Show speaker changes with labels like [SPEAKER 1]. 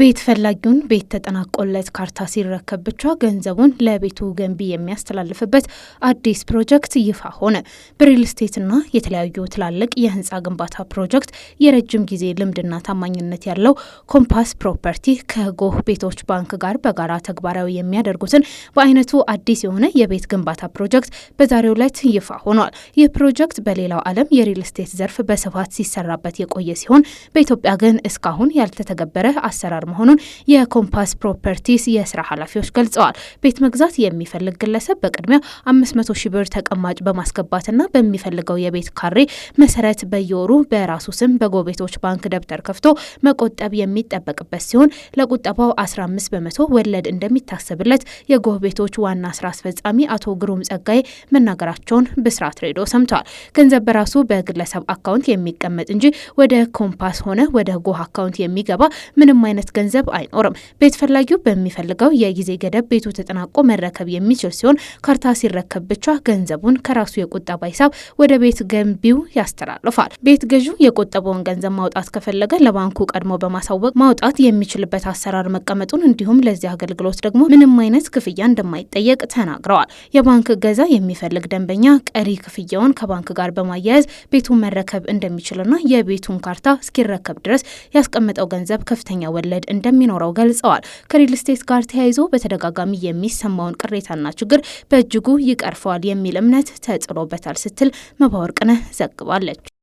[SPEAKER 1] ቤት ፈላጊውን ቤት ተጠናቆለት ካርታ ሲረከብ ብቻ ገንዘቡን ለቤቱ ገንቢ የሚያስተላልፍበት አዲስ ፕሮጀክት ይፋ ሆነ። በሪል ስቴትና የተለያዩ ትላልቅ የህንፃ ግንባታ ፕሮጀክት የረጅም ጊዜ ልምድና ታማኝነት ያለው ኮምፓስ ፕሮፐርቲ ከጎህ ቤቶች ባንክ ጋር በጋራ ተግባራዊ የሚያደርጉትን በአይነቱ አዲስ የሆነ የቤት ግንባታ ፕሮጀክት በዛሬው ዕለት ይፋ ሆኗል። ይህ ፕሮጀክት በሌላው ዓለም የሪል ስቴት ዘርፍ በስፋት ሲሰራበት የቆየ ሲሆን በኢትዮጵያ ግን እስካሁን ያልተተገበረ አሰራ አሰራር መሆኑን የኮምፓስ ፕሮፐርቲስ የስራ ኃላፊዎች ገልጸዋል። ቤት መግዛት የሚፈልግ ግለሰብ በቅድሚያ አምስት መቶ ሺህ ብር ተቀማጭ በማስገባትና በሚፈልገው የቤት ካሬ መሰረት በየወሩ በራሱ ስም በጎቤቶች ባንክ ደብተር ከፍቶ መቆጠብ የሚጠበቅበት ሲሆን ለቁጠባው 15 በመቶ ወለድ እንደሚታሰብለት የጎህ ዋና ስራ አስፈጻሚ አቶ ግሩም ጸጋዬ መናገራቸውን ብስራት ሬዲዮ ሰምተዋል። ገንዘብ በራሱ በግለሰብ አካውንት የሚቀመጥ እንጂ ወደ ኮምፓስ ሆነ ወደ ጎህ አካውንት የሚገባ ምንም አይነት የሽያጭ ገንዘብ አይኖርም። ቤት ፈላጊው በሚፈልገው የጊዜ ገደብ ቤቱ ተጠናቆ መረከብ የሚችል ሲሆን ካርታ ሲረከብ ብቻ ገንዘቡን ከራሱ የቁጠባ ሂሳብ ወደ ቤት ገንቢው ያስተላልፋል። ቤት ገዢው የቆጠበውን ገንዘብ ማውጣት ከፈለገ ለባንኩ ቀድሞ በማሳወቅ ማውጣት የሚችልበት አሰራር መቀመጡን እንዲሁም ለዚህ አገልግሎት ደግሞ ምንም አይነት ክፍያ እንደማይጠየቅ ተናግረዋል። የባንክ ገዛ የሚፈልግ ደንበኛ ቀሪ ክፍያውን ከባንክ ጋር በማያያዝ ቤቱን መረከብ እንደሚችልና የቤቱን ካርታ እስኪረከብ ድረስ ያስቀመጠው ገንዘብ ከፍተኛ ወለ ወለድ እንደሚኖረው ገልጸዋል። ከሪል ስቴት ጋር ተያይዞ በተደጋጋሚ የሚሰማውን ቅሬታና ችግር በእጅጉ ይቀርፈዋል የሚል እምነት ተጥሎበታል ስትል መባወርቅነህ ዘግባለች።